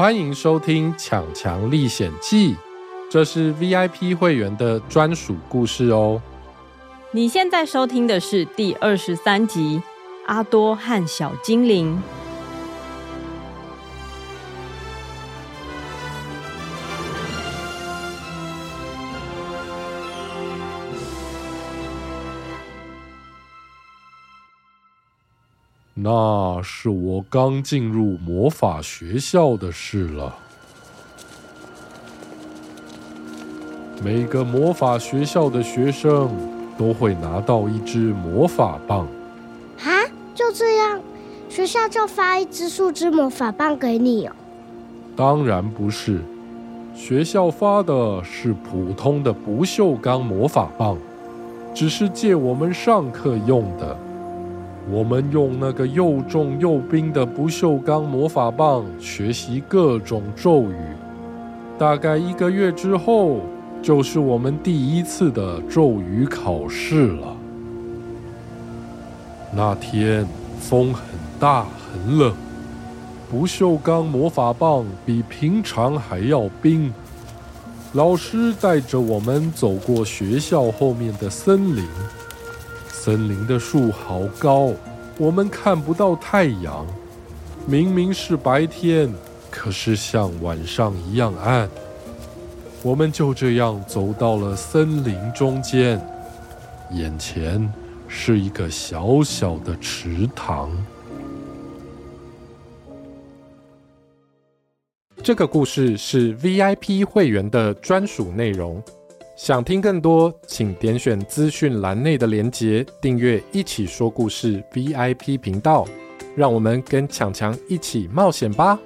歡迎收聽《強強歷險記》，這是 VIP 會員的專屬故事哦。你現在收聽的是第二十三集《阿多和小精靈》。那是我剛進入魔法學校的事了。每個魔法學校的學生都會拿到一支魔法棒。啊，就這樣，學校就發一支樹枝魔法棒給你？當然不是，學校發的是普通的不鏽鋼魔法棒，只是借我們上課用的。我們用那個又重又冰的不鏽鋼魔法棒學習各種咒語，大概一個月之後，就是我們第一次的咒語考試了。那天風很大，很冷，不鏽鋼魔法棒比平常還要冰。老師帶着我們走過學校後面的森林。森林的樹好高，我們看不到太陽。明明是白天，可是像晚上一樣暗。我們就這樣走到了森林中間，眼前是一個小小的池塘。這個故事是 VIP 會員的專屬內容。想聽更多，請點選資訊欄內的連結，訂閱《一起說故事》VIP 頻道，讓我們跟強強一起冒險吧。